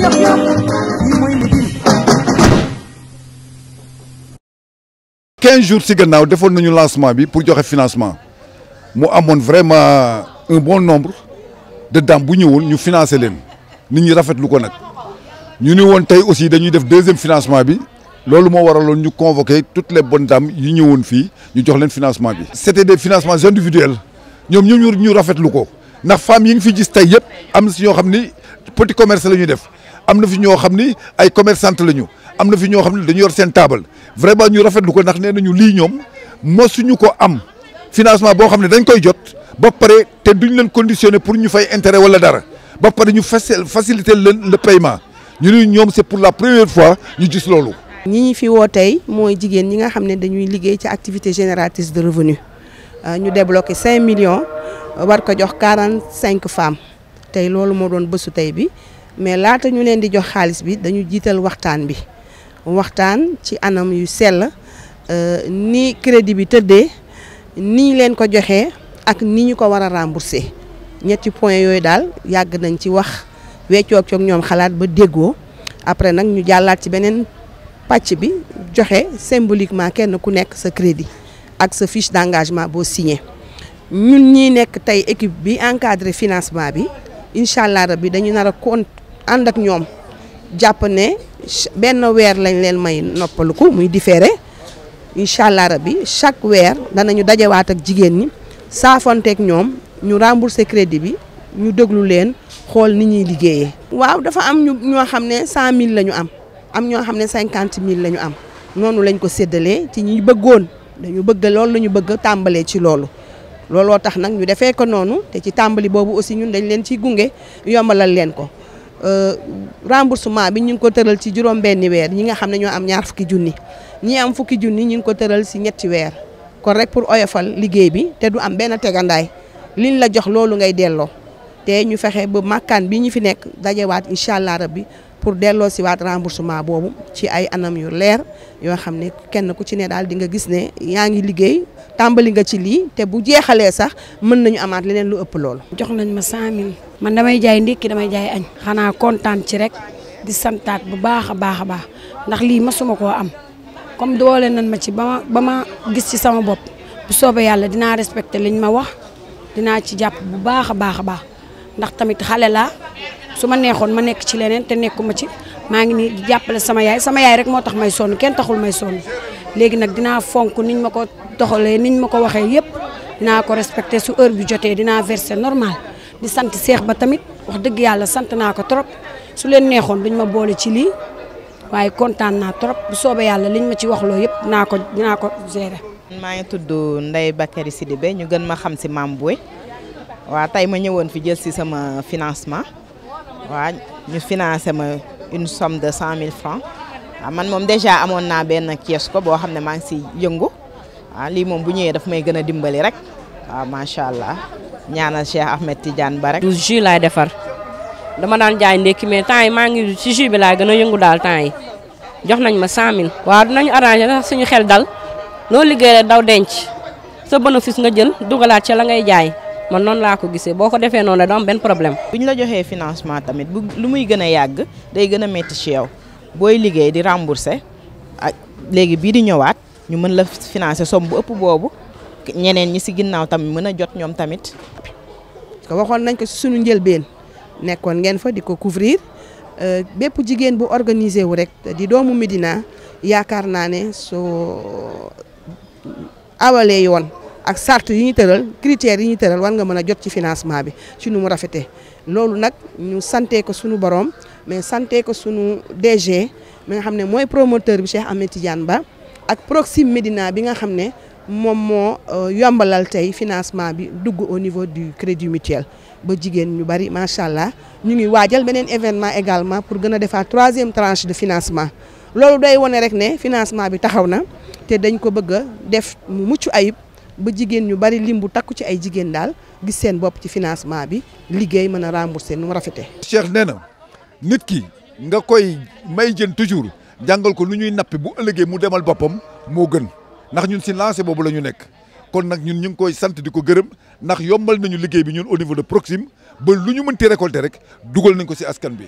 ñax ñax lii jours ci gannaaw defoon nañu lancement bi pour joxe financement mu amoon vraiment un bon nombre de dames bu ñëwoon ñu financé leen nit ñi rafetlu ko nag ñu ni woon tey aussi dañuy def deuxième financement bi. loolu moo waraloon ñu convoqué toutes les bonnes dames yi ñëwoon fii ñu jox leen financement bi. c'était des financements individuels ñoom ñoo ñu rafetlu ko ndax femmes yi nga fi gis tey yëpp am na si ñoo xam ni petit commerce la ñuy def. am na fi ñoo xam ni ay commerçante la ñu am na fi ñoo xam ne dañu yor seen taabal vraiment ñu rafetlu ko ndax nee nañu lii ñoom mosuñu ko am financement boo xam ne dañ koy jot ba pare te duñ leen conditionné pour ñu fay intérêt wala dara ba pare ñu faciliter leen le paiement ñoom c'est pour la première fois ñu gis loolu. ñi ñi fi woo tey mooy jigéen ñi nga xam ne dañuy liggéey ci activité génératrice de revenu euh, ñu débloqué cinq millions war ko jox cinq femmes tey loolu moo doon bésu tey bi. mais laata ñu leen di jox xaalis bi dañu jiital waxtaan bi waxtaan ci anam yu sell euh, ni crédit bi tëddee ni ñu leen ko joxee ak ni ñu ko war a remboursé ñetti point yooyu daal yàgg nañ ci wax weccoog coog ñoom xalaat ba déggoo après nag ñu jàllaat ci beneen pàcc bi joxe symboliquement kenn ku nekk sa crédit ak sa fiche d'engagement boo signé ñun ñi nekk tey équipe bi encadré financement bi incha allah rabbi dañu nar a ànd ak ñoom jàpp ne benn weer lañ leen may noppaluku muy différé incha allah bi chaque weer danañu dajewaat ak jigéen ñi saafonteeg ñoom ñu remboursé crédit bi ñu déglu leen xool ni ñuy liggéeye waaw dafa am ñu ñoo xam ne cent mille lañu am am ñoo xam ne cinquante mille la ñu am noonu lañ ko séddalee ci ñi bëggoon dañu bëgg loolu la ñu bëgg tàmbalee ci loolu. looloo tax nag ñu defee ko noonu te ci tàmbali boobu aussi ñun dañ leen ciy gunge yombalal leen ko. su euh, remboursement bi ñu ngi ko tëral ci juróom-benni weer ñi nga xam ne ñoo am ñaar fukki junni ñi am fukki junni ñu ngi ko tëral si ñetti weer kon rek pour oyofal liggéey bi te du am benn tegandaay liñ la jox loolu ngay delloo te ñu fexe ba màkkaan bi ñu fi nekk dajewaat incha allah rabbi pour delloo si waat remboursement boobu ci ay anam yu leer yoo xam ne kenn ku ci ne daal di nga gis ne yaa ngi liggéey tàmbali nga ci lii te bu jeexalee sax mën nañu amaat leneen lu ëpp loolu. jox nañ ma 100000 man damay jaay ndékki damay jaay añ. xanaa kontaan ci rek di santaat bu baax a baax a baax ndax lii masuma koo am comme doole nañ ma ci ba ba ma gis ci sama bopp bu soobee yàlla dinaa respecté liñ ma wax dinaa ci jàpp bu baax a baax a baax ndax tamit su ma neexoon ma nekk ci leneen te nekkuma ci maa ngi nii di jàppale sama yaay sama yaay rek moo tax may sonn kenn taxul may sonn léegi nag dinaa fonk niñ ma ko doxalee niñ ma ko waxee yëpp dinaa ko respecté su heure bi jotee dinaa versé normal di sant seex ba tamit wax dëgg yàlla sant naa ko trop su leen neexoon duñ ma boole ci lii waaye kontaan naa trop soobee yàlla liñ ma ci wax loo yëpp dinaa ko dinaa ko gérer. maa ngi tudd Ndeye Bakary Sidibé ñu gën ma xam si Mame Boye waa tey ma ñëwoon fi jël si sama financement. waaw ñu financé ma une somme de cent mille francs man moom déjà amoon naa benn kees ko boo xam ne maa ngi si yëngu waaw lii moom bu ñëwee dafa may gën a dimbali rek waaw macha allah ñaanal Cheikh Ahmed Tidiane ba rek. jus laay defar dama daan jaay ndékki mais temps yi maa ngi si jus bi laay gën a yëngu daal temps yi jox nañ ma cent mille. waaw dinañu arrangé sax suñu xel dal loo liggéey daw denc sa bénéfice nga jël dugalaat ca la ngay jaay. man noonu laa ko gisee boo ko defee noonu la doo benn problème. bu ñu la joxee financement tamit bu lu muy gën a yàgg day gën a métti ci yow booy liggéey di remboursé ak léegi bii di ñëwaat ñu mën la financé somme bu ëpp boobu ñeneen ñi si ginnaaw tamit mën a jot ñoom tamit. waxoon nañ ko ci sunu njëlbeen nekkoon ngeen fa di ko couvrir euh, bépp jigéen bu organiser wu rek di doomu Médina yaakaar naa ne soo awalee yoon. ak sart yi ñu tëral critères yi ñu tëral war nga mën a jot ci financement bi ci nu mu rafetee loolu nag ñu sante ko sunu borom mais sante ko sunu DG mi nga xam ne mooy promoteur bi Cheikh Ahmed Ba ak Proxim Médina bi nga xam ne moom moo euh, yombalal tey financement bi dugg au niveau du crédit mutuel ba jigéen ñu bari macha allah ñu ngi waajal beneen événement également pour gën a defaa troisième tranche de financement loolu day wone rek ne financement bi taxaw na te dañ ko bëgg a def mu mucc ayib. ba jigéen ñu bari lim bu takku ci ay jigéen daal gis seen bopp ci financement bi liggéey mën a rembourser nu mu rafete Cheikh nee na nit ki nga koy may jën toujours jàngal ko nu ñuy nappi bu ëllëgee mu demal boppam moo gën ndax ñun si lancé boobu la ñu nekk kon nag ñun ñu ngi koy sant di ko gërëm ndax yombal nañu liggéey bi ñun au niveau de Proxim ba lu ñu mënti récolter rek dugal nañ ko si askan bi.